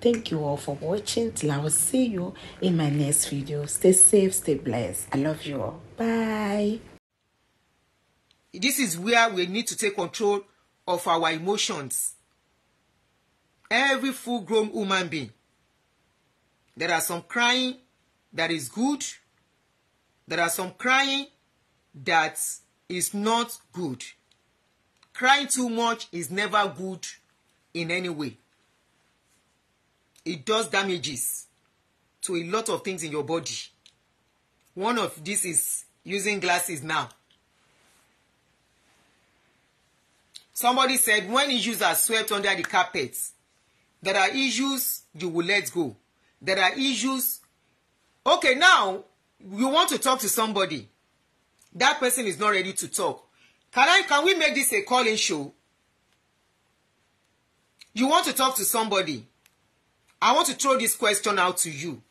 thank you all for watching till i will see you in my next video stay safe stay blessed i love you all bye this is where we need to take control of our emotions every full grown human being there are some crying that is good there are some crying that is not good crying too much is never good in any way it does damages to a lot of things in your body one of this is using glasses now somebody said when issues are swept under the carpet there are issues you will let go there are issues okay now you want to talk to somebody that person is not ready to talk can i can we make this a calling show you want to talk to somebody I want to throw this question out to you.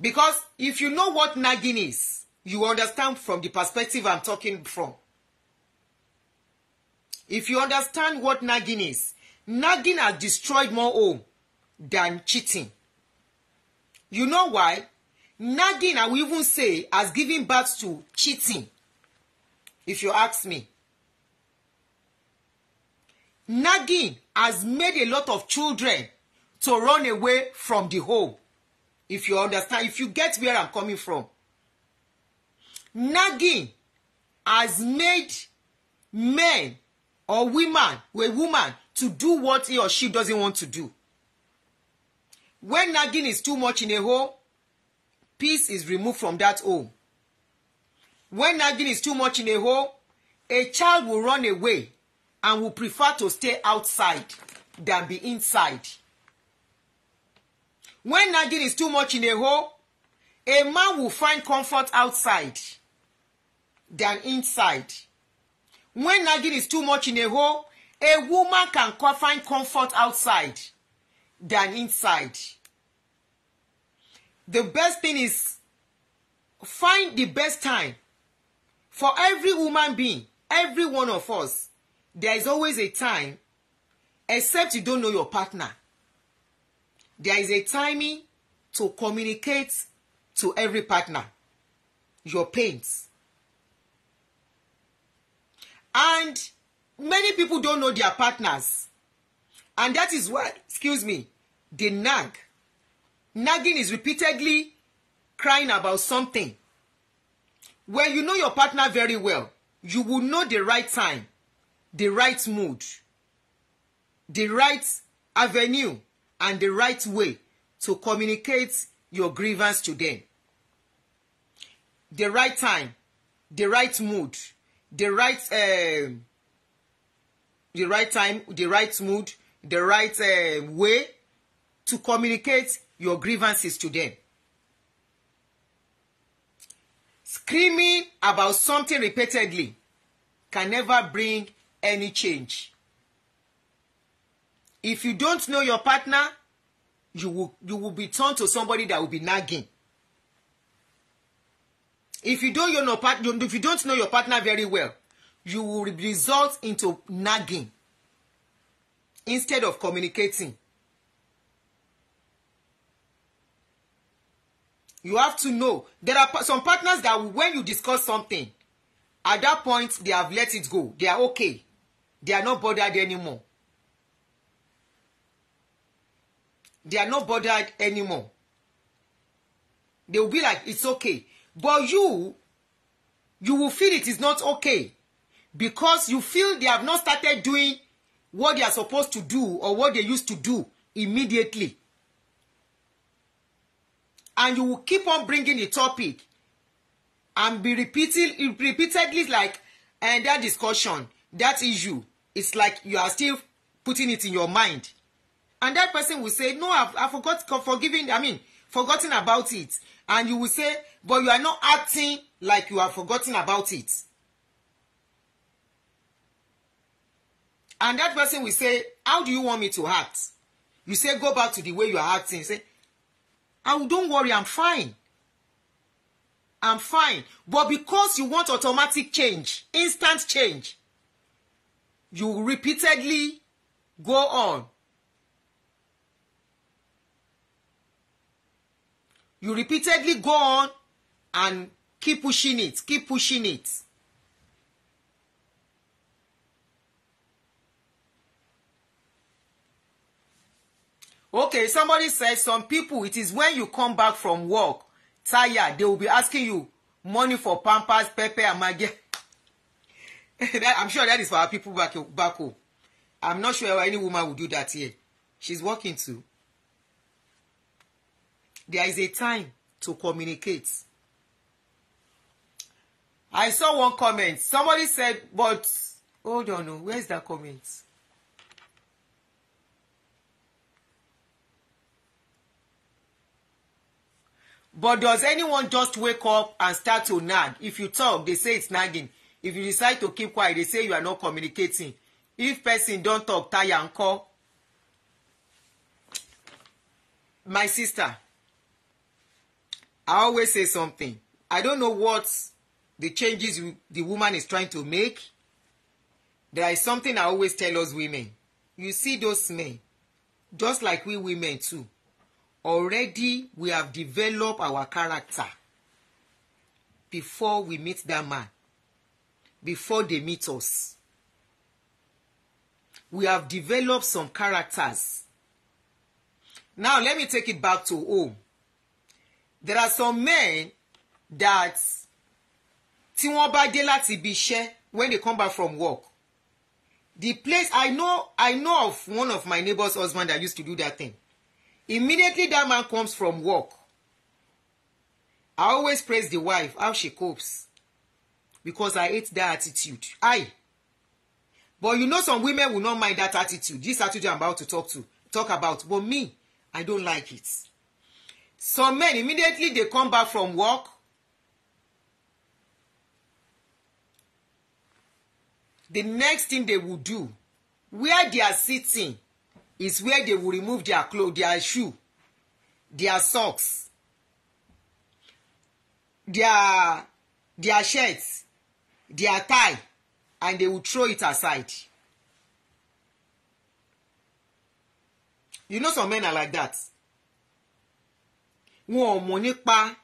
Because if you know what nagging is, you understand from the perspective I'm talking from. If you understand what nagging is, nagging has destroyed more home than cheating. You know why? Nagging, I will even say, has given birth to cheating. If you ask me. Nagging has made a lot of children to run away from the home if you understand if you get where i'm coming from nagging has made men or women a woman to do what he or she doesn't want to do when nagging is too much in a home peace is removed from that home when nagging is too much in a home a child will run away and will prefer to stay outside than be inside when nagging is too much in a hole a man will find comfort outside than inside when nagging is too much in a hole a woman can find comfort outside than inside the best thing is find the best time for every woman being every one of us there is always a time except you don't know your partner there is a timing to communicate to every partner your pains and many people don't know their partners and that is why excuse me they nag nagging is repeatedly crying about something when you know your partner very well you will know the right time the right mood the right avenue and the right way to communicate your grievance to them. The right time, the right mood, the right uh, the right time, the right mood, the right uh, way to communicate your grievances to them. Screaming about something repeatedly can never bring any change if you don't know your partner you will you will be turned to somebody that will be nagging if you don't know partner if you don't know your partner very well you will result into nagging instead of communicating you have to know there are some partners that when you discuss something at that point they have let it go they are okay they are not bothered anymore they are not bothered anymore they will be like it's okay but you you will feel it is not okay because you feel they have not started doing what they are supposed to do or what they used to do immediately and you will keep on bringing the topic and be repeating repeatedly like and that discussion that issue it's like you are still putting it in your mind and that person will say no i've i forgot forgiving i mean forgotten about it and you will say but you are not acting like you are forgotten about it and that person will say how do you want me to act you say go back to the way you are acting say i ah, don't worry i'm fine i'm fine but because you want automatic change instant change you repeatedly go on You repeatedly go on and keep pushing it, keep pushing it. Okay, somebody says some people, it is when you come back from work, tired, they will be asking you money for pampers, pepper, and maggi. I'm sure that is for our people back, back home. I'm not sure any woman would do that here. She's working too there is a time to communicate. I saw one comment. Somebody said, but hold on, oh, where's that comment? But does anyone just wake up and start to nag? If you talk, they say it's nagging. If you decide to keep quiet, they say you are not communicating. If person don't talk, tie and call. My sister, I always say something. I don't know what the changes the woman is trying to make. There is something I always tell us women. You see those men, just like we women too. Already we have developed our character before we meet that man, before they meet us. We have developed some characters. Now let me take it back to home there are some men that tí wọ́n bá dé láti ibi iṣẹ́ when they come back from work the place i know i know of one of my neighbor's husband that used to do that thing immediately that man comes from work i always praise the wife how she copes because i hate that attitude i but you know some women will not mind that attitude this attitude i'm about to talk to talk about but me i don't like it some men immediately dey come back from work the next thing they will do where they are sitting is where they will remove their clothes their shoe their socks their their shirts their tie and they will throw it aside you know some men are like that wọn ò mọ̀ nípa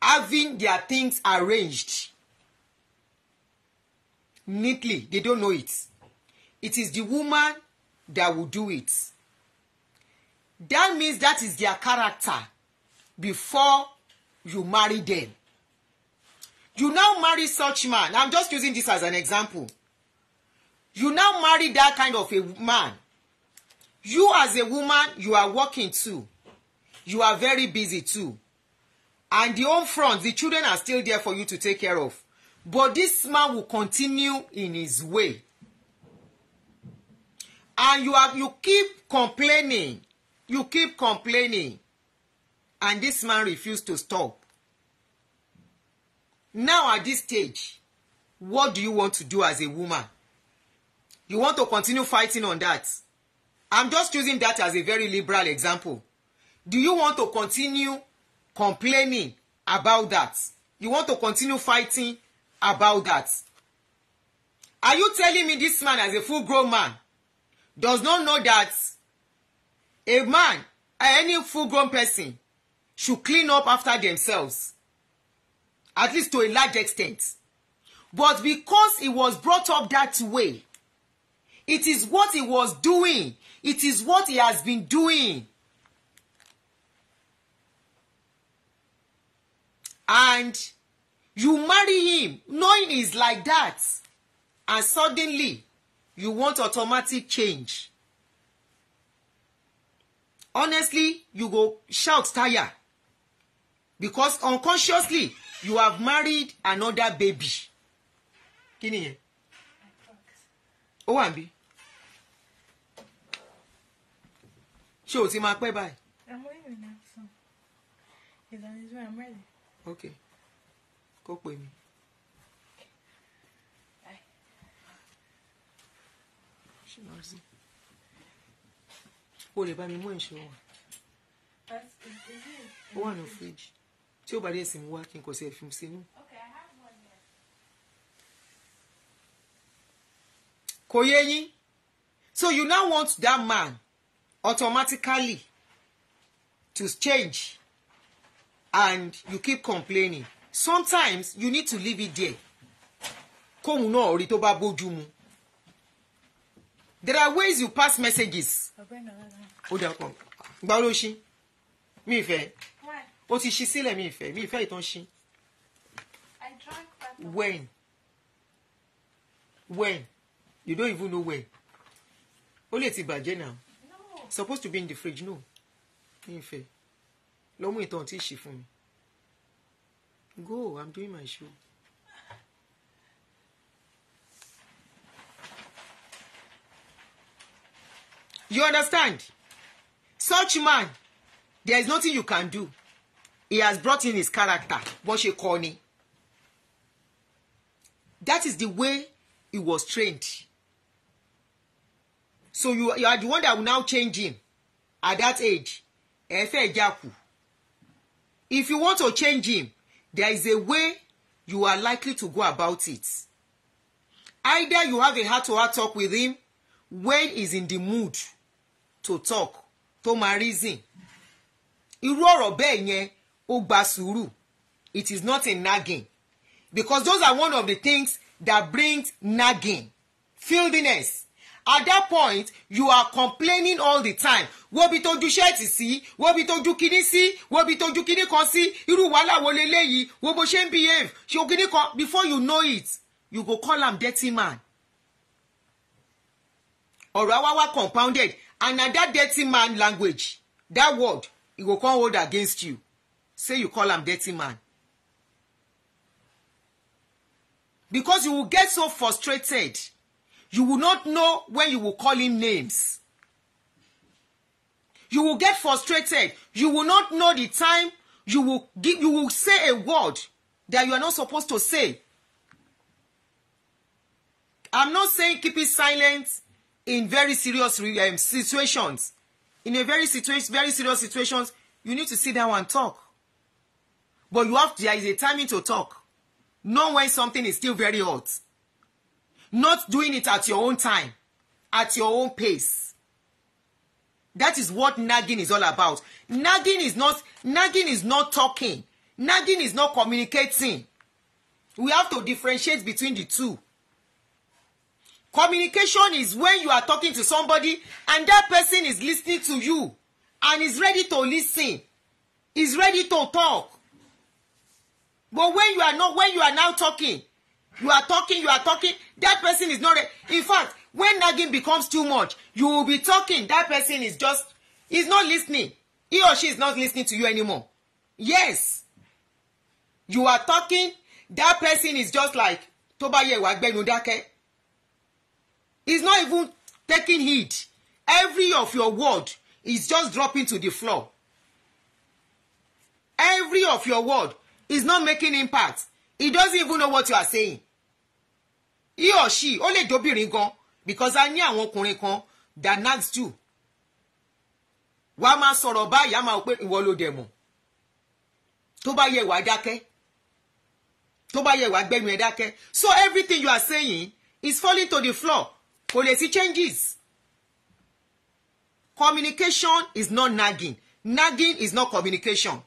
having their things arranged neatly they don't know it it is the woman that will do it that means that is their character before you marry them you now marry such man i'm just using this as an example you now marry that kind of a man you as a woman you are working too you are very busy too and the home front the children are still there for you to take care of but this man will continue in his way and you are you keep complaining you keep complaining and this man refuse to stop now at this stage what do you want to do as a woman you want to continue fighting on that i'm just using that as a very liberal example do you want to continue complaining about that you want to continue fighting about that are you telling me this man as a full grown man does not know that a man any full grown person should clean up after themselves at least to a large extent but because he was brought up that way it is what he was doing it is what he has been doing and you marry him knowing he's like that and suddenly you want automatic change honestly you go shout tire because unconsciously you have married another baby Kini ye? ó wà níbí ṣé o ti máa pẹ́ báyìí. I'm waiting now, so if that is where I'm ready ok kó pè mí. o lè bá mi mú ìṣó wa ó wà ní fíríjì tí ó bá dé ìsinmi wá kí n kò sí ẹ̀fín sínú. kò yé yín so you now want that man automatically to change and you keep complaining sometimes you need to leave it there kóhun náà rí tó bá bójú mu there are ways you pass messages ó dà pọ̀ gbá ló ṣí mi ìfẹ́ ó ti ṣí sílẹ̀ mi ìfẹ́ mi ìfẹ́ ìtàn ṣí when when you don't even know when ó lè ti bàjẹ́ now supposed to be in the fridge no mi ìfẹ́ lọ́mú ìtàn tí ì ṣe fún mi go i'm doing my show. you understand such man there is nothing you can do he has brought in his character bó ṣe kọ́ ni that is the way he was trained so you, you are the one that will now change him at that age ẹ fẹ́ jà kù if you want to change him there is a way you are likely to go about it either you have a heart-to-heart talk with him when he is in the mood to talk to ma reason irú ọ̀rọ̀ bẹ́ẹ̀ yẹn ó gba sùúrù it is not a nagging because those are one of the things that brings nagging fieldiness at that point you are complaining all the time wo bi tójú ṣẹ́ẹ̀tì sí wo bi tójú kíní sí wo bi tójú kíní kan sí irú wàhálà wo leléyìí wo bó ṣe ń behave ṣe kíní kan before you know it you go call am dirty man ọ̀rọ̀ awawa compounded and na that dirty man language that word e go come hold against you say you call am dirty man because you will get so frustrated you will not know when you will call him names you will get frustrated you will not know the time you will give you will say a word that you are not supposed to say i'm not saying keep it silent in very serious um, situations in a very situation very serious situations you need to sit down and talk but you have there is a timing to talk know when something is still very hot not doing it at your own time at your own pace that is what nagging is all about nagging is not nagging is not talking nagging is not communicating we have to differentiate between the two communication is when you are talking to somebody and that person is listening to you and is ready to listen is ready to talk but when you are not when you are now talking you are talking you are talking that person is not ready in fact when nagging becomes too much you will be talking that person is just is not listening he or she is not listening to you anymore yes you are talking that person is just like tó bá he is not even taking heed every of your word is just dropping to the floor every of your word is not making impact he doesn't even know what you are saying he or she ó lè dóbìnrin gan because a ní àwọn ọkùnrin kan that nags you wàá máa sọ̀rọ̀ báyìí á máa wò pé ìwọ ló dẹ̀ mọ̀ tó bá yẹ wàá dákẹ́ tó bá yẹ wàá gbẹ́nu ẹ̀ dákẹ́ so everything you are saying is falling to the floor kò lè sí changes communication is not nagging nagging is not communication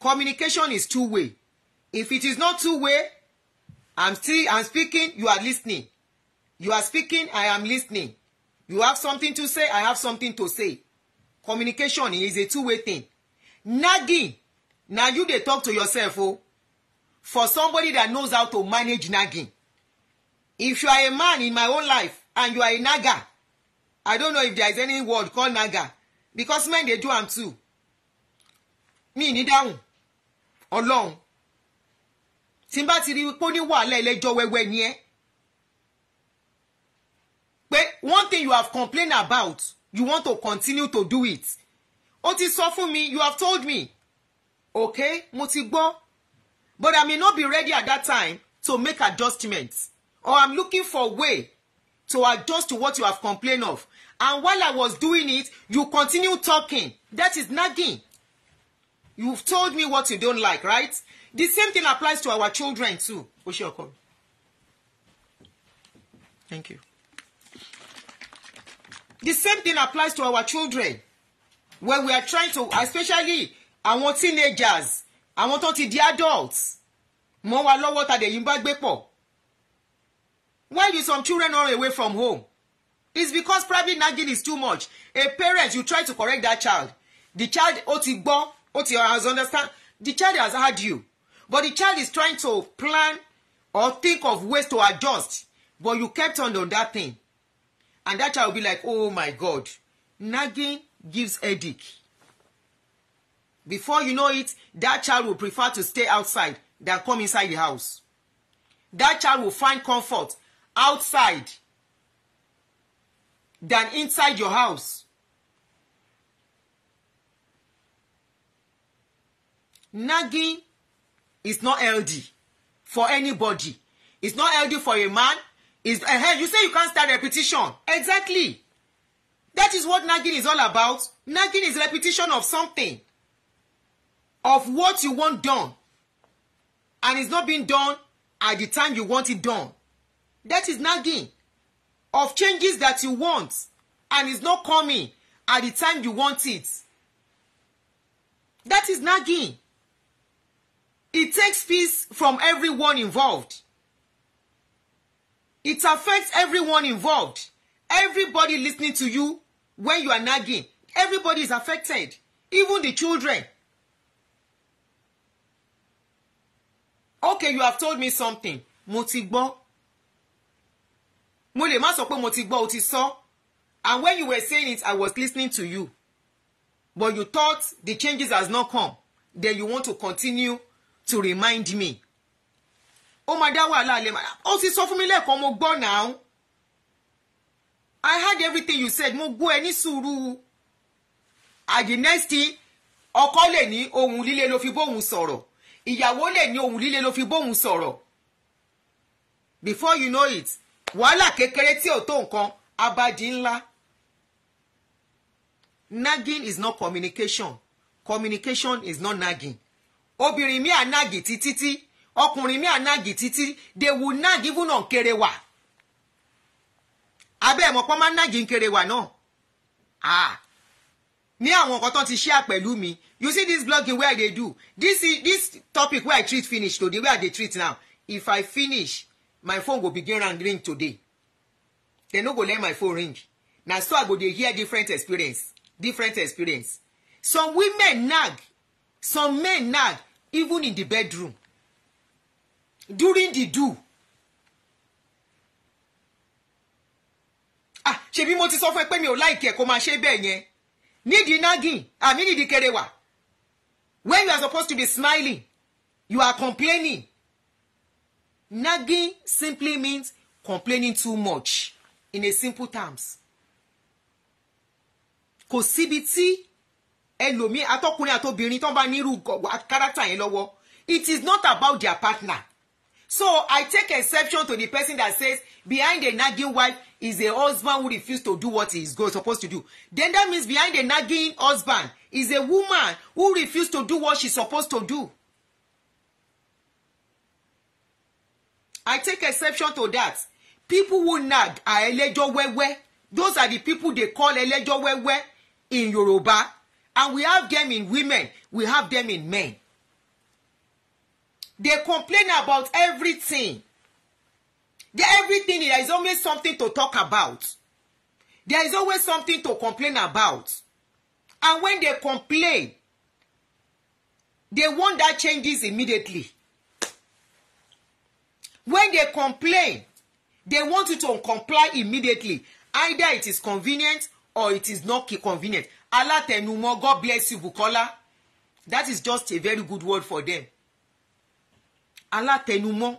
communication is two way if it is not two way i'm still i'm speaking you are listening you are speaking i am listening you have something to say i have something to say communication is a two-way thing nagging na you dey talk to yourself o oh. for somebody that knows how to manage nagging if you are a man in my own life and you are a nagger i don't know if there is any word called nagger because men dey do am too me ní dáhùn ọlọ́run tí n bá ti rí pé ó ní wàhálà ẹlẹ́jọ́ wẹ́wẹ́ ni ẹ́ pé one thing you have complained about you want to continue to do it ó ti sọ fún mi you have told me okay mo ti gbọ́ but I may not be ready at that time to make adjustments or I'm looking for way to adjust to what you have complained of and while I was doing it you continue talking that is nagging you've told me what you don't like right the same thing applies to our children too o ṣe thank you the same thing applies to our children when we are trying to especially àwọn teenagers àwọn tó ti di adults mọ́ wa lọ́wọ́ tàdé yìí ń bá gbé pọ̀ why you some children run away from home it's because private nagging is too much a parent you try to correct that child the child ó ti gbọ́ ó ti has understand the child has had you but the child is trying to plan or think of ways to adjust but you kept on on that thing and that child will be like oh my god nagging gives headache before you know it that child will prefer to stay outside than come inside the house that child will find comfort outside than inside your house nagging it's not healthy for anybody it's not healthy for a man Is uh, eh, hey, eh, you say you can't start repetition exactly that is what nagging is all about nagging is repetition of something of what you want done and it's not being done at the time you want it done that is nagging of changes that you want and it's not coming at the time you want it that is nagging It takes peace from everyone involved. It affects everyone involved. Everybody listening to you when you are nagging. Everybody is affected, even the children. Okay, you have told me something. Mo ti gbọ́. Mo lè má sọ pé mo ti gbọ́ o ti sọ. And when you were saying it, I was listening to you. But you thought the changes has not come. Then you want to continue to remind me ó máa dá wàhálà lè máa ó sì sọ fún mi lẹ́ẹ̀kan mo gbọ́ now. I had everything you said mo gbọ́ ẹ ní sùúrù at the next thing ọkọ lè ní ohun líle ló fi bóhun sọ̀rọ̀ ìyàwó lè ní ohun líle ló fi bóhun sọ̀rọ̀ before you know it wàhálà kékeré tí ò tó nǹkan abadi ńlá nagging is not communication communication is not nagging obìnrin mi ànágì títí ọkùnrin mi ànágì títí they will give even on kerewa abẹ́ ẹ̀mọ́ pọ́n máa ń nàgì ń kerewa náà ah. ní àwọn nǹkan tó ti share pẹ̀lú mi you see this blogging wey i dey do this this topic wey i treat finish today wey i dey treat now if i finish my phone go begin rang ring today dem no go let my phone ring na so i go dey hear different experience different experience some women nag some men nag even in the bedroom during the do ah ṣebí mo ti sọ fún ẹ pé mi ò láìkí ẹ kó máa ṣe bẹ́ẹ̀ yẹn nídìí nagging àmì nídìí kerewà when you are supposed to be smiling you are complaining nagging simply means complaining too much in a simple terms kò síbi tí ẹlòmíì atọkùnrin àtobìnrin tó bá nírú kárátà yẹn lọ́wọ́ it is not about their partner so i take exception to the person that says behind the nagging wife is a husband who refuse to do what he is go, supposed to do then that means behind the nagging husband is a woman who refuse to do what she supposed to do. I take exception to that. People who nag are elejo wewe. Those are the people they call elejo wewe in Yoruba. And we have them in women, we have them in men. They complain about everything. They, everything, there is always something to talk about. There is always something to complain about. And when they complain, they want that changes immediately. When they complain, they want you to comply immediately. Either it is convenient or it is not convenient alátẹnumọ́ god bless you Bukola that is just a very good word for them alátẹnumọ́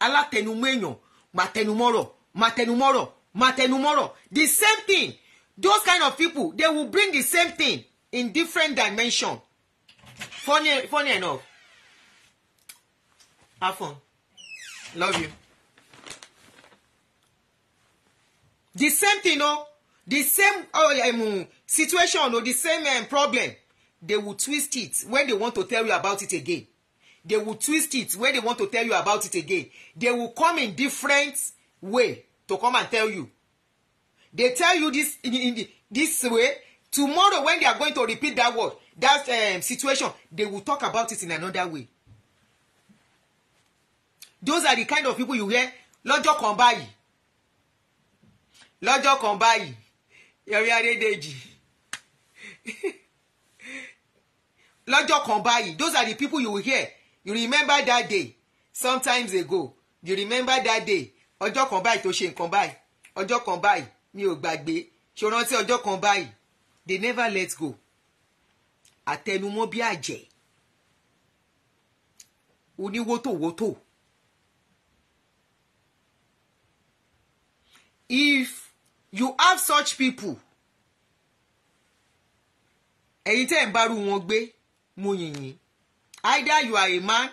alátẹnumọ́ èèyàn màtẹnumọ́rọ̀ màtẹnumọ́rọ̀ màtẹnumọ́rọ̀ the same thing those kind of people they will bring the same thing in different dimension funny funny enough have fun love you the same thing o. Oh. No? the same oh, um, situation or oh, the same um, problem they will twist it when they want to tell you about it again they will twist it when they want to tell you about it again they will come in different way to come and tell you they tell you this in, in the, this way tomorrow when they are going to repeat that word that um, situation they will talk about it in another way those are the kind of people you hear lọ́jọ́ kan báyìí lọ́jọ́ kan báyìí Yọ̀rí Adédèjì lọ́jọ́ kan báyìí those are the people you will hear you remember that day sometimes ago you remember that day ọjọ́ kan báyìí tó ṣe nǹkan báyìí ọjọ́ kan báyìí mi ò gbàgbé ṣe rántí ọjọ́ kan báyìí they never let go àtẹnumọ́ bí àjẹ́ oníwótòwótò if you have such people ẹ̀yin tẹ́ ń bárú wọn gbé mo yìn either you are a man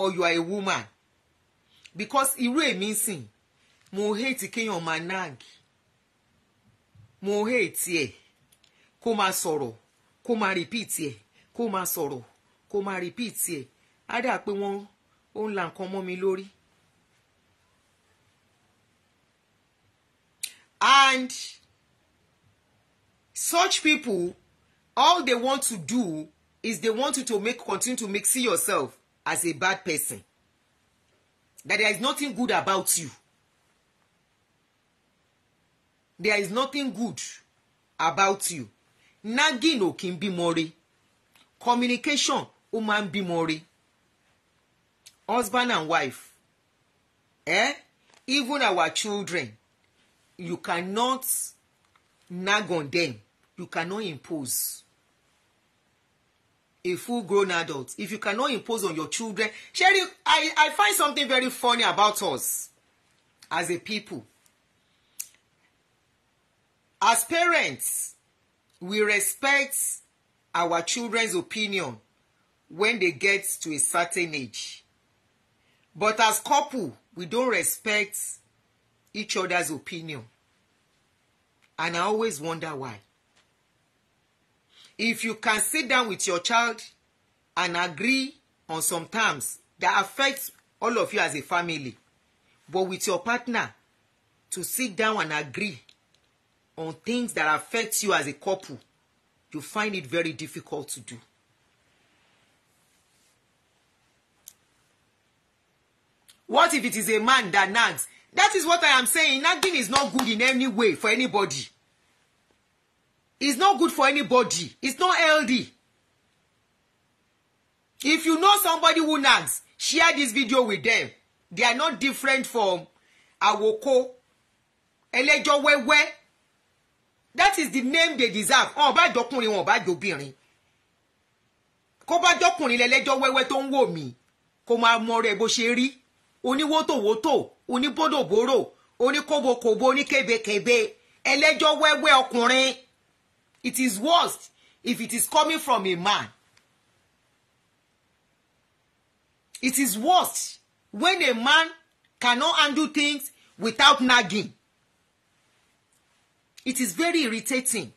or you are a woman because irú èmi ń sìn mo hate kéèyàn máa nag mo hate ẹ̀ kó máa sọ̀rọ̀ kó máa repeat ẹ̀ kó máa sọ̀rọ̀ kó máa repeat ẹ̀ á dà pé wọ́n ó ń la nǹkan mọ́ mi lórí and such people all they want to do is they want you to make continue to make see yourself as a bad person that there is nothing good about you there is nothing good about you nagging ò kí ń communication ó máa ń husband and wife eh? even our children you cannot nag on them you cannot impose a full grown adult if you cannot impose on your children sherry i i find something very funny about us as a people as parents we respect our children's opinion when they get to a certain age but as couple we don't respect each other's opinion. And I always wonder why. If you can sit down with your child and agree on some terms that affect all of you as a family, but with your partner to sit down and agree on things that affect you as a couple, you find it very difficult to do. What if it is a man that nags that is what i am saying nagging is not good in any way for anybody it's not good for anybody it's not healthy if you know somebody who nags share this video with them they are not different from awoko ẹlẹ́jọ́ wẹ́wẹ́ that is the name they deserve wọn bá jọkùnrin wọn bá jọbìnrin kó bá jọkùnrin lẹ́lẹ́jọ́ wẹ́wẹ́ tó ń wò mí kó máa mọ rẹ bó ṣe rí oníwótòwótò oníbódòbóró oníkóbokòbo oníkébékébé ẹlẹ́jọ́ wẹ́wẹ́ ọkùnrin it is worst if it is coming from a man it is worst when a man cannot handle things without nagging it is very irritating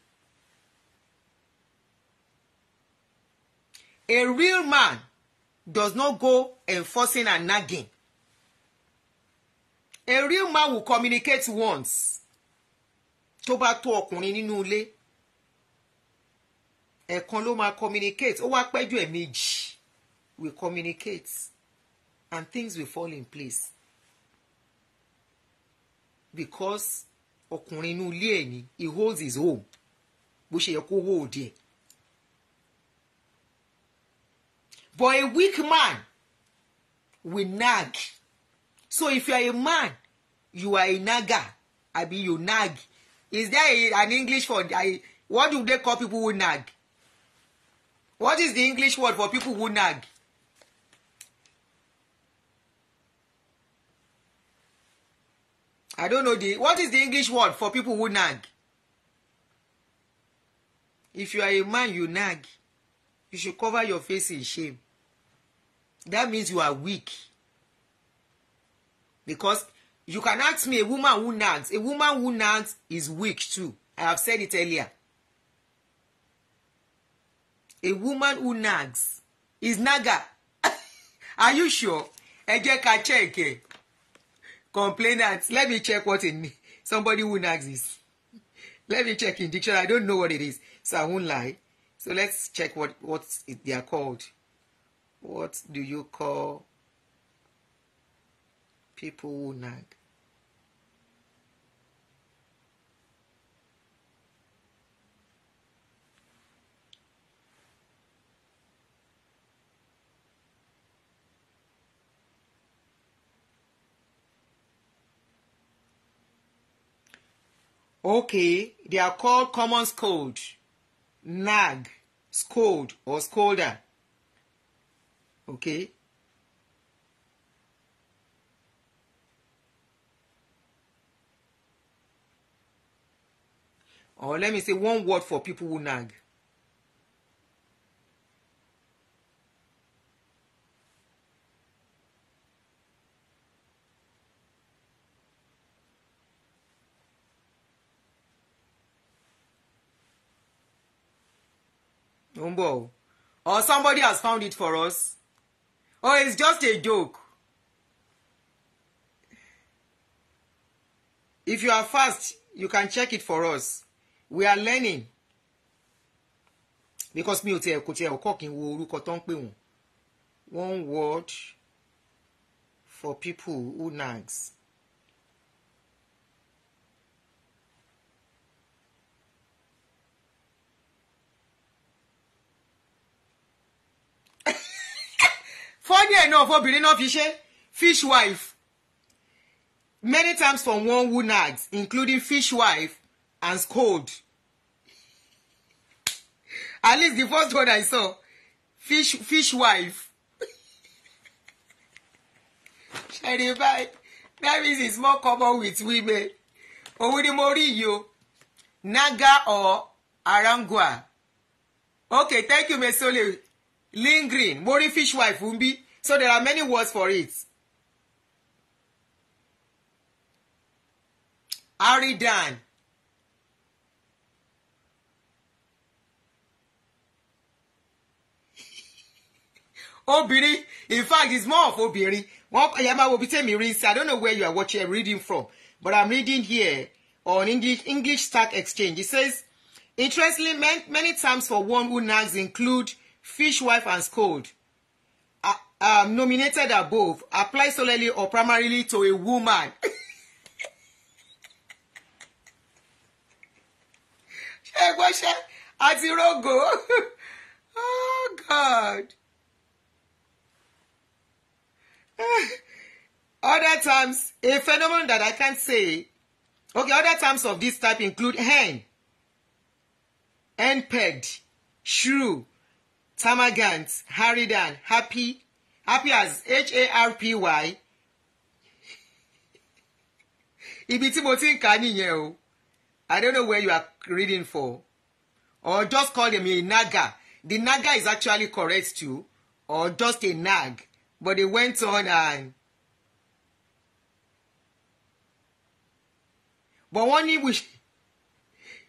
a real man does not go enforcing and nagging a real man will communicate once tó bá tó ọkùnrin nínú ilé ẹ̀kan ló máa communicate ó wá pẹ́jù ẹ̀ méjì we communicate and things will fall in place because ọkùnrin inú ilé ẹ̀ ni he holds his home bó ṣe yẹ kó hold ẹ̀ but a weak man will nag so if you are a man you are a naga abi you nag is there a, an english for I, what do they call people who nag what is the english word for people who nag i don't know the what is the english word for people who nag if you are a man you nag you should cover your face in shame that means you are weak because you can ask me a woman who nags a woman who nags is weak too i have said it earlier a woman who nags is naga are you sure ẹ jẹ́ check Complainants. let me check what in somebody who nags is let me check in dictionary i don't know what it is so i won't lie so let's check what what they are called what do you call people will Okay, they are called common scold, nag, scold, or scolder. Okay, or let me say one word for people who nag. Umbo. Or somebody has found it for us. Or it's just a joke. If you are fast, you can check it for us we are learning because mi ò tiẹ̀ kò tiẹ̀ ọkọ̀ kí n wo orúkọ tó ń pè wọ́n one word for people who nags. fọ́nì ẹ̀ náà fọ́bìnrin náà fi ṣe wife many times from one who nags including fish wife and scold. At least the first one I saw, fish fish wife. Shadibai, that means it's more common with women. Òun ni mo rí Naga or Arangua. Okay, thank you, Mesole. Lingering, mo Mori fish wife ń So there are many words for it. Aridan. obìnrin in fact it's more of obìnrin wọn ẹ̀yà máa wo bí tèmi rí sí i don't know where you are watching and reading from but i'm reading here on english english stock exchange it says interestingly many, many terms for one who nags include fishwife and scold uh, um, nominated above apply solely or primarily to a woman. ṣé ẹ gbọ́ ṣe àti rogo oh god. other terms a phenomenon that i can't say okay other terms of this type include hen henpecked shrew termagant haridan, happy happy as h-a-r-p-y ibi tí mo ti ń kà nìyẹn o i don't know where you are reading for or just call them a naga the naga is actually correct too or just a nag But they went on and. But one thing which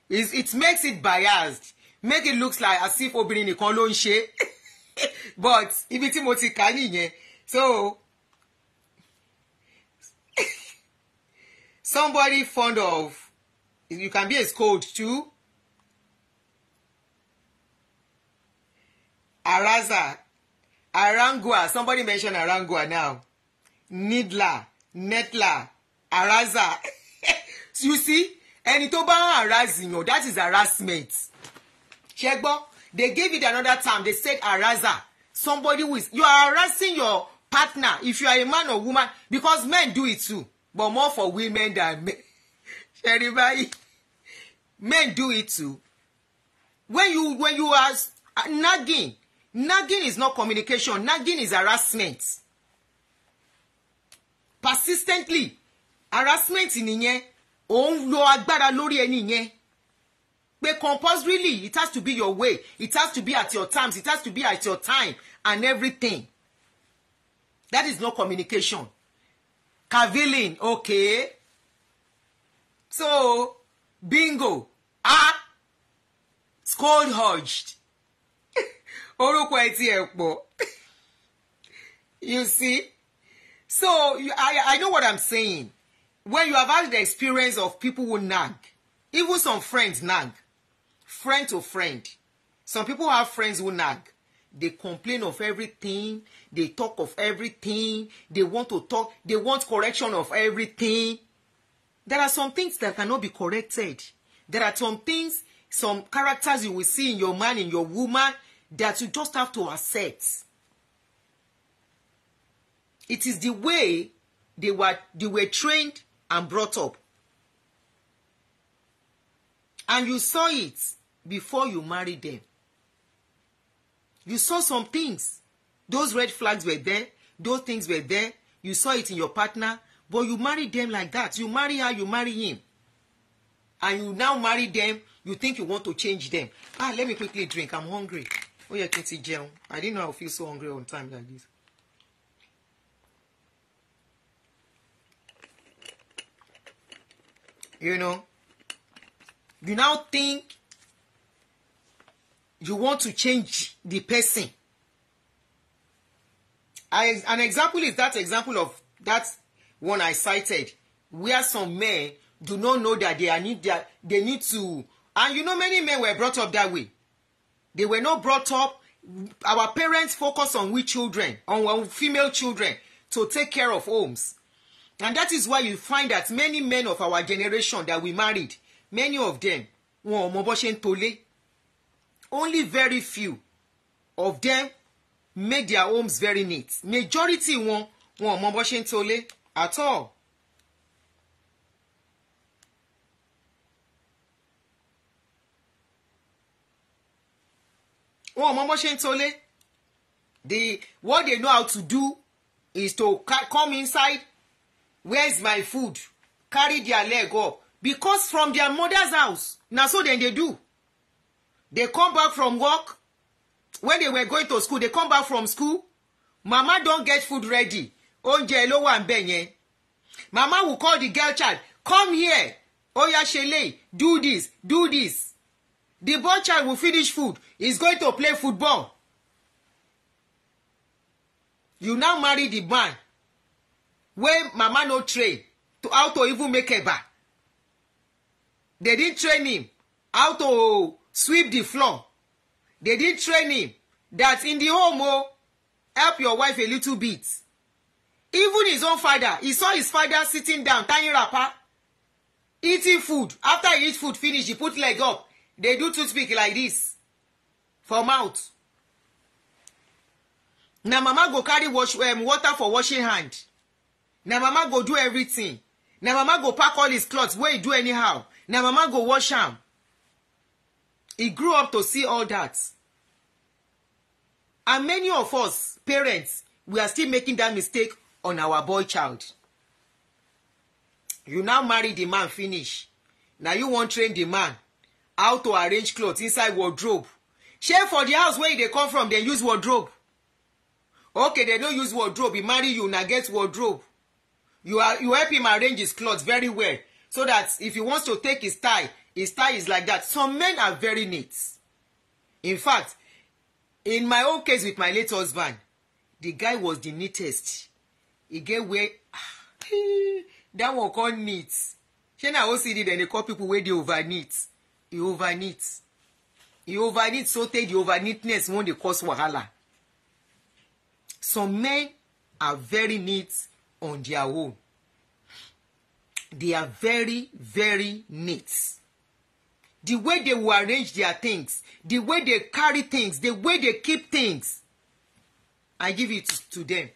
is it makes it biased make it looks like as if obìnrin nìkan ló ń ṣe but ibi tí mo ti kà nìyẹn so somebody fond of you can be a scold too. Araza Arangua. Somebody mentioned Arangua now. Nidla, Netla, Araza. you see, ẹni tó bá ń harass that is harassment. Ṣé they gave it another term. They said Araza. Somebody who is, you are harassing your partner if you are a man or woman because men do it too, but more for women than men. Ṣé Men do it too. When you when you are nagging nagging is not communication nagging is harassment persistently harassment nìyẹn ò ń lo agbára lórí ẹni yẹn pé compulsorily it has to be your way it has to be at your times it has to be at your time and everything that is not communication cavilling okay so bingo ah scold urged orúkọ ẹ ti ẹ̀ pọ̀ you see so you, I, I know what I'm saying when you have had the experience of people who nag even some friends nag friend to friend some people have friends who nag they complain of everything they talk of everything they want to talk they want correction of everything there are some things that cannot be corrected there are some things some characters you will see in your man in your woman that you just have to accept. It is the way they were they were trained and brought up. And you saw it before you married them. You saw some things. Those red flags were there. Those things were there. You saw it in your partner. But you married them like that. You marry her, you marry him. And you now marry them. You think you want to change them. Ah, let me quickly drink. I'm hungry ó yẹ kí n ti jẹun I didn't know I would feel so hungry on time like this. You know, you now think you want to change the person. I, an example is that example of that one I cited, where some men do not know that they are need that they need to, and you know many men were brought up that way they were not brought up our parents focus on we children on, on female children to take care of homes and that is why you find that many men of our generation that we married many of them wọn ò mọ bó ṣe ń tolé only very few of them make their homes very neat majority wọn wọn ò mọ bó ṣe ń tolé at all wọn ò mọ bó ṣe ń tolé the what they know how to do is to come inside where's my food carry their leg up because from their mother's house na so dem dey do they come back from work when they were going to school they come back from school mama don get food ready oúnjẹ ló wà nbẹ yẹn mama will call the girl child come here oya ṣe lè do this do this The boy child will finish food. He's going to play football. You now marry the man wey mama no train to how to even make eba. They didn't train him how to sweep the floor. They didn't train him that in the home oh, help your wife a little bit. Even his own father, he saw his father sitting down, tying wrapper, eating food. After he eat food finish, he put leg up they do to speak like this for mouth na mama go carry wash um, water for washing hand na mama go do everything na mama go pack all his cloth wey he do anyhow na mama go wash am he grew up to see all that and many of us parents we are still making that mistake on our boy child you now marry the man finish na you wan train the man how to arrange cloth inside wardrobe shey for the house wey e dey come from dem use wardrobe okay dem no use wardrobe e marry you na get wardrobe you are you help him arrange his cloth very well so that if he wants to take his tie, his tie is like that some men are very neat in fact in my own case with my late husband the guy was the neatest e get where that one call neat shey na ocd dem dey call people wey dey over neat e overknit e overknit so tey the overknitness wan dey cause wahala some men are very neat on their own they are very very neat the way they will arrange their things the way they carry things the way they keep things i give it to them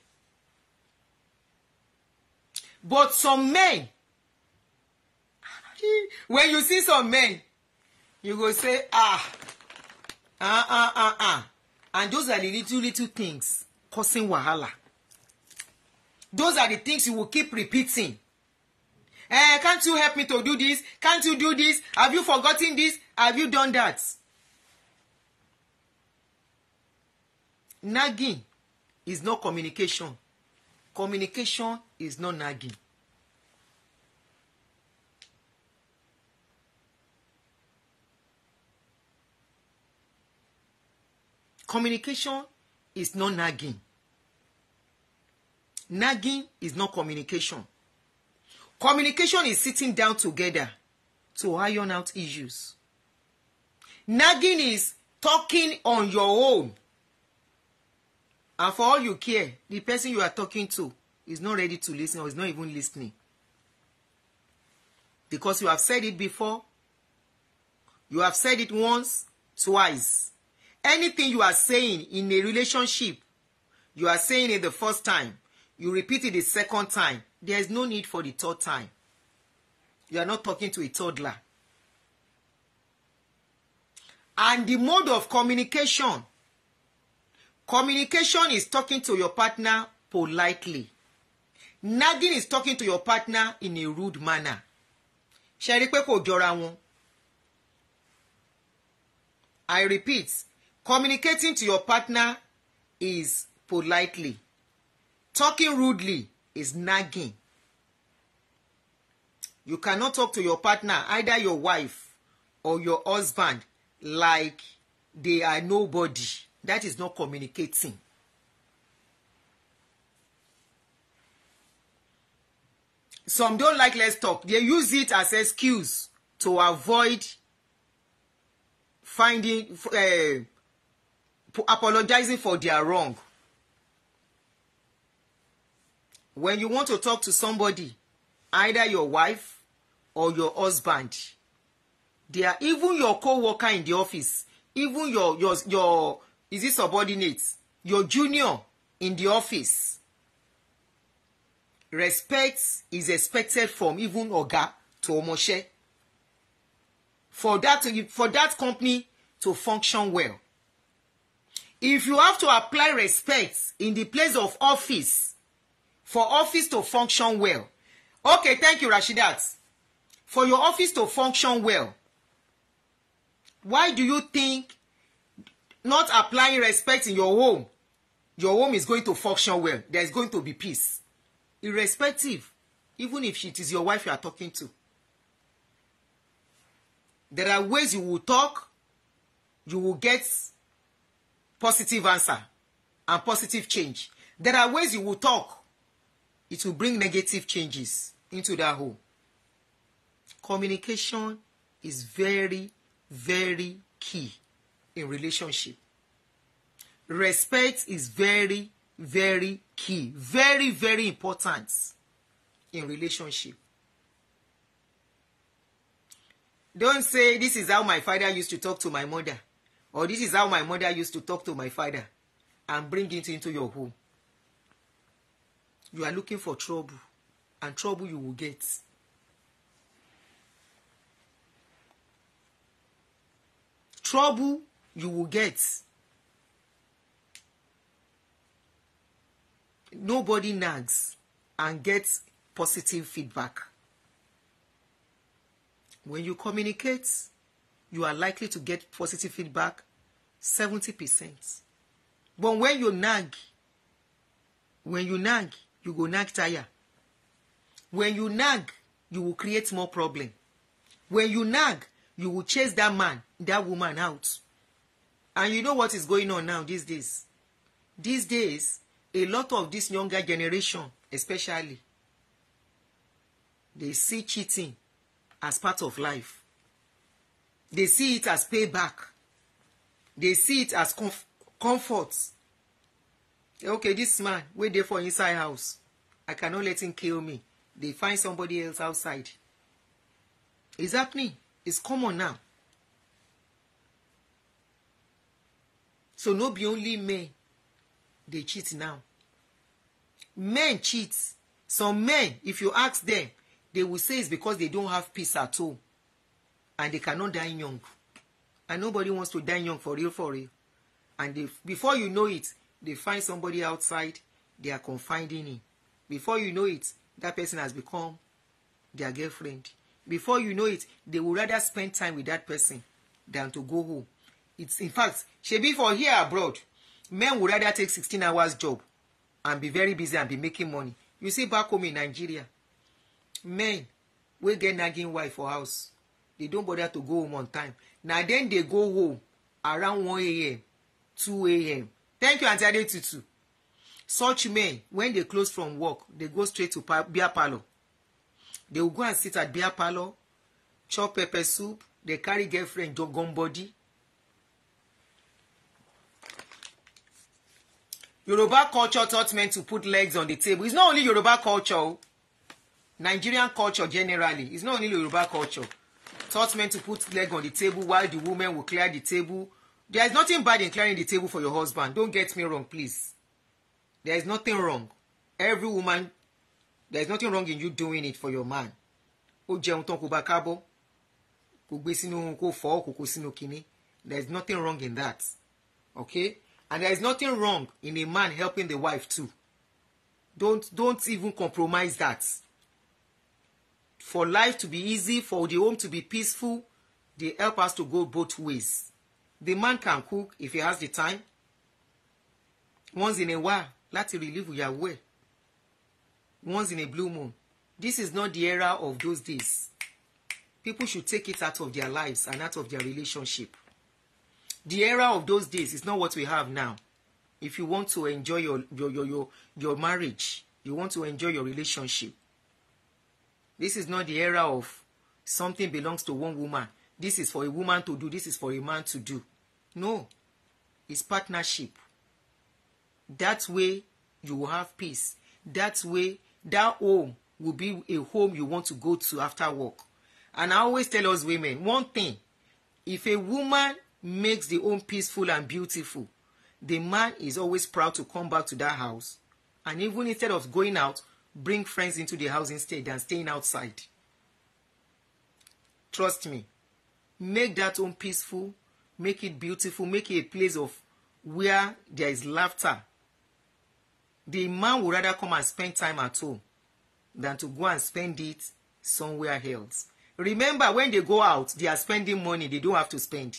but some men when you see some men you go say ah ah ah ah ah and those are the little little things causing wahala those are the things you will keep repeating eh can't you help me to do this can't you do this have you forgotten this have you done that nagging is not communication communication is not nagging communication is not nagging nagging is not communication communication is sitting down together to iron out issues nagging is talking on your own and for all you care the person you are talking to is not ready to listen or is not even listening because you have said it before you have said it once twice Anything you are saying in a relationship, you are saying it the first time, you repeat it the second time, there is no need for the third time. You are not talking to a toddler. And the mode of communication. Communication is talking to your partner politely. Nagging is talking to your partner in a rude manner. ṣe rí pé kò jọra wọn. I repeat Communicating to your partner is politely. Talking rudely is nagging. You cannot talk to your partner, either your wife or your husband, like they are nobody. That is not communicating. Some don't like let's talk. They use it as excuse to avoid finding uh, apologizing for their wrong. When you want to talk to somebody, either your wife or your husband, they are even your co-worker in the office, even your your your is it subordinate, your junior in the office. Respect is expected from even oga to omoshe. For that to, for that company to function well if you have to apply respect in the place of office for office to function well okay thank you rashidat for your office to function well why do you think not applying respect in your home your home is going to function well there is going to be peace irrespective even if it is your wife you are talking to there are ways you will talk you will get positive answer and positive change there are ways you will talk it will bring negative changes into that home. communication is very very key in relationship respect is very very key very very important in relationship don't say this is how my father used to talk to my mother or this is how my mother used to talk to my father and bring it into your home you are looking for trouble and trouble you will get. trouble you will get. Nobody nags and gets positive feedback. When you communicate, you are likely to get positive feedback 70%. But when you nag, when you nag, you go nag tire. When you nag, you will create more problem. When you nag, you will chase that man, that woman out. And you know what is going on now these days? These days, a lot of this younger generation, especially, they see cheating as part of life they see it as payback they see it as comf comfort okay this man wey dey for inside house i cannot let him kill me they find somebody else outside it's happening it's common now so no be only men dey cheat now men cheat some men if you ask them they will say it's because they don't have peace at all and they cannot die young and nobody wants to die young for real for real and they before you know it they find somebody outside they are confiding in before you know it that person has become their girlfriend before you know it they would rather spend time with that person than to go home it's in fact shebi for here abroad men would rather take sixteen hours job and be very busy and be making money you see back home in nigeria men wey get nagging wife for house they don't bother to go home on time na then they go home around one am two am thank you aunty adetutu such men when they close from work they go straight to beer parlour they will go and sit at beer parlour chop pepper soup they carry girlfriend jog gun body Yoruba culture taught men to put legs on the table. It's not only Yoruba culture. Oh. Nigerian culture generally. It's not only Yoruba culture taught men to put leg on the table while the women will clear the table. There is nothing bad in clearing the table for your husband. Don't get me wrong, please. There is nothing wrong. Every woman, there is nothing wrong in you doing it for your man. Ó jẹun tán kó bá kábọ̀, kó gbé sínú kó fọ́ kó kó sínú kinní. There is nothing wrong in that. Okay? And there is nothing wrong in a man helping the wife too. Don't don't even compromise that for life to be easy, for the home to be peaceful, they help us to go both ways. The man can cook if he has the time. Once in a while, láti relieve ìyàwó ẹ̀. Once in a blue moon. This is not the era of those days. People should take it out of their lives and out of their relationship. The era of those days is not what we have now. If you want to enjoy your your your your, your marriage, you want to enjoy your relationship, This is not the era of something belongs to one woman. This is for a woman to do. This is for a man to do. No. It's partnership. That way you will have peace. That way, that home will be a home you want to go to after work. And I always tell us women one thing if a woman makes the home peaceful and beautiful, the man is always proud to come back to that house. And even instead of going out, bring friends into the house instead than staying outside. Trust me, make that home peaceful, make it beautiful, make it a place of where there is laughter. The man would rather come and spend time at home than to go and spend it somewhere else. Remember, when they go out, they are spending money they don't have to spend.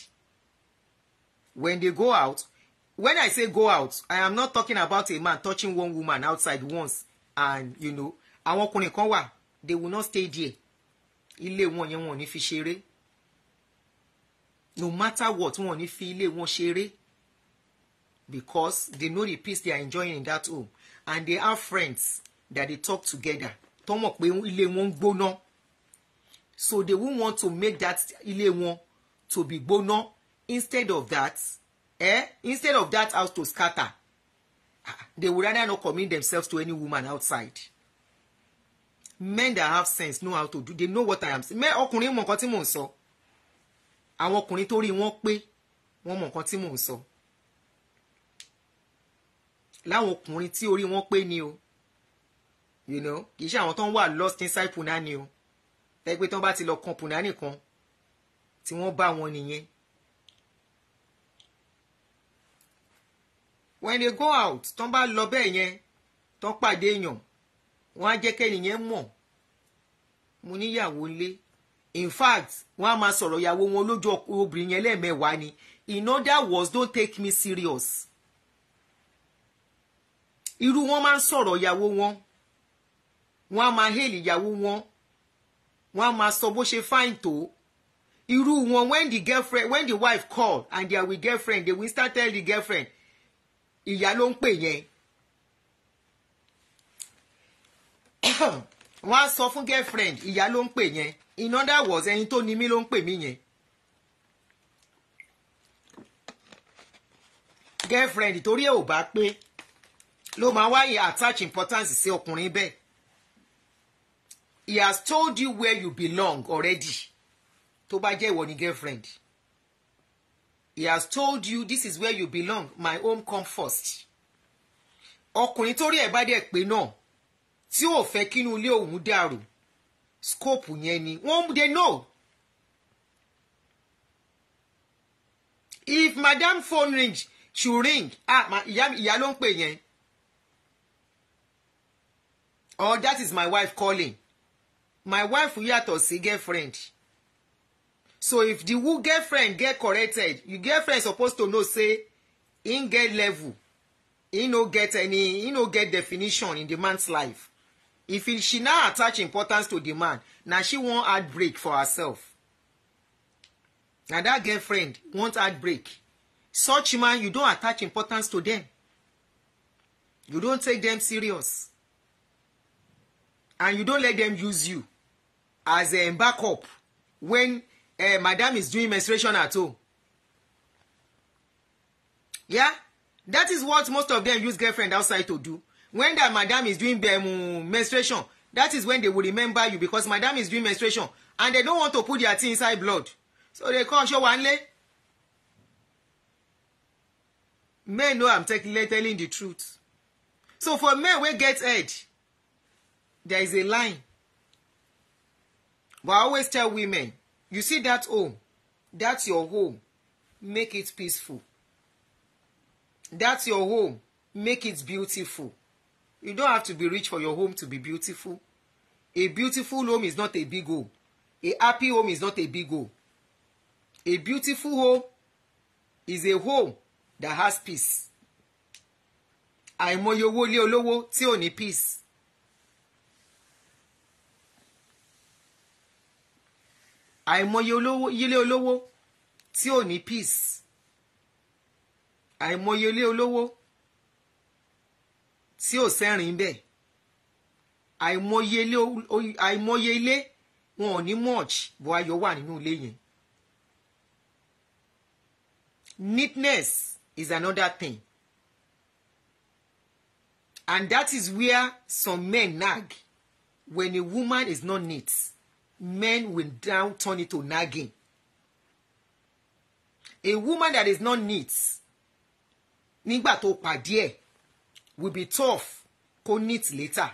When they go out, when I say go out, I am not talking about a man touching one woman outside once and you know àwọn ọkùnrin kan wà they will not stay there ilé wọn yẹn wọn ò ní fi ṣeré no matter what wọn ò ní fi ilé wọn ṣeré because they know the peace they are enjoying in that home and they have friends that they talk together tó mọ̀ pé ilé wọn ń gbóná so they will want to make that ilé wọn to be gbóná instead of that eh? instead of that house to scatter they would rather not commit themselves to any woman outside men that have sense know how to do they know what i am Men ọkùnrin mọ nǹkan tí mò ń sọ àwọn ọkùnrin tó rí wọn pé wọn mọ nǹkan tí mò ń sọ láwọn ọkùnrin tí orí wọn pé ni o you know kì í ṣe àwọn tó ń wà lost inside punani o ẹgbẹ́ tó bá ti lọ kan punani kan tí wọ́n bá wọn nìyẹn when they go out tán bá lọ bẹ́ẹ̀ yẹn tán pàdé èèyàn wọ́n á jẹ́ kẹ́ni yẹn mọ̀ mo níyàwó lé in fact wọ́n á máa sọ̀rọ̀ ìyàwó wọn lójú obìnrin yẹn lẹ́ẹ̀mẹ́wàá ni in other words don't take me serious irú wọn máa ń sọ̀rọ̀ ìyàwó wọn wọ́n á máa hèlì ìyàwó wọn wọ́n á máa sọ bó ṣe fáìn tó irú wọn when the girlfriend when the wife call and their we girlfriend they will start tell the girlfriend ìyá ló ń pè yẹn wọ́n á sọ fún girlfriend ìyá ló ń pè yẹn in other words ẹni tó ni mí ló ń pè mí yẹn girlfriend torí ẹ̀ ò bá pé ló máa wáyé attach importance sí ọkùnrin bẹ́ẹ̀ he has told you where you belong already tó bá jẹ́ ìwọ ni girlfriend he has told you this is where you belong my home come first ọkùnrin tó rí ẹ̀ bá dẹ̀ pé náà tí ò fẹ́ kínú ilé òun dàrú scope yẹn ni wọ́n dey know if madam phone ring she ring ah ìyá ló ń pè yẹn or that is my wife calling my wife yàtọ̀ sí girlfriend so if the who girlfriend get corrected your girlfriend suppose to know say im get level im no get any im no get definition in the man's life if she now attach importance to the man na she wan add break for herself na that girlfriend want add break such man you don attach importance to them you don take them serious and you don let them use you as a backup when uh, madam is doing menstruation at home yeah that is what most of them use girlfriend outside to do when that madam is doing um, menstruation that is when they will remember you because madam is doing menstruation and they don't want to put their thing inside blood so they come show wanle men know i'm telling telling the truth so for men we get head there is a line but i always tell women you see that home that's your home make it peaceful that's your home make it beautiful you don't have to be rich for your home to be beautiful a beautiful home is not a big home a happy home is not a big home a beautiful home is a home that has peace àìmọye owó ilé olówó tí ò ní peace àìmọye olówó ilé olówó tí ò ní peace àìmọye ilé olówó tí ò sẹ́rìn bẹ́ẹ̀ àìmọye ilé àìmọye ilé wọn ò ní much bó ayọ̀ wà nínú ilé yẹn neatness is another thing and that is where some men nag when a woman is not neat men will now turn it to nagging. A woman that is not neat nígbà tó pàdé ẹ̀ will be tough kó neat later.